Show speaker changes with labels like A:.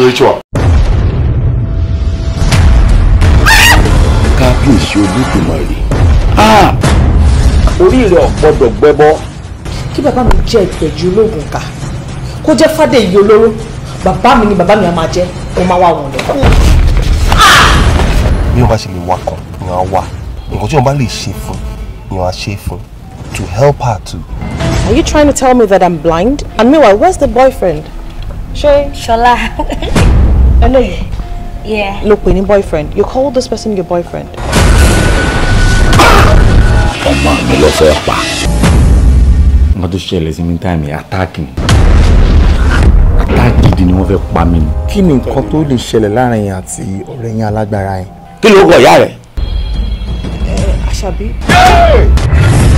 A: spiritual. kábíyèsí olódùmarè ah! orí rẹ̀ ọ̀pọ̀dọ̀ gbẹ́bọ́.
B: kí bàbá mi jẹ́ ìpẹ̀jù olóògùn ká kó jẹ́ fàdé iye olóró bàbá mi ni bàbá mi á máa jẹ́ mo
C: máa wá wọn lọ.
D: bí wọ́n bá ṣe lè wakọ̀ ni wọ́n wà nǹkan tí wọ́n bá lè ṣe fún ni wọ́n á ṣe fún to help her too.
C: Are you trying to tell me that I'm blind? And meanwhile, where's the boyfriend?
E: Ṣé. Ṣọlá. Eléyìí. Yeah.
C: Ló pè ní boyfriend. You call this person your boyfriend.
F: Ọmọ mi ló fẹ́ pa.
G: Nǹkan tó ṣẹlẹ̀ sí mi táìmì attacking. ni. Àtáàkì gidi ni wọ́n fẹ́ pa mí ni.
F: Kí ni nǹkan tó lè ṣẹlẹ̀ láàrin yín àti ọ̀rẹ́ yín alágbára yín?
G: Kí ló wọ̀ ìyá rẹ̀?
E: Ẹ Àṣàbí.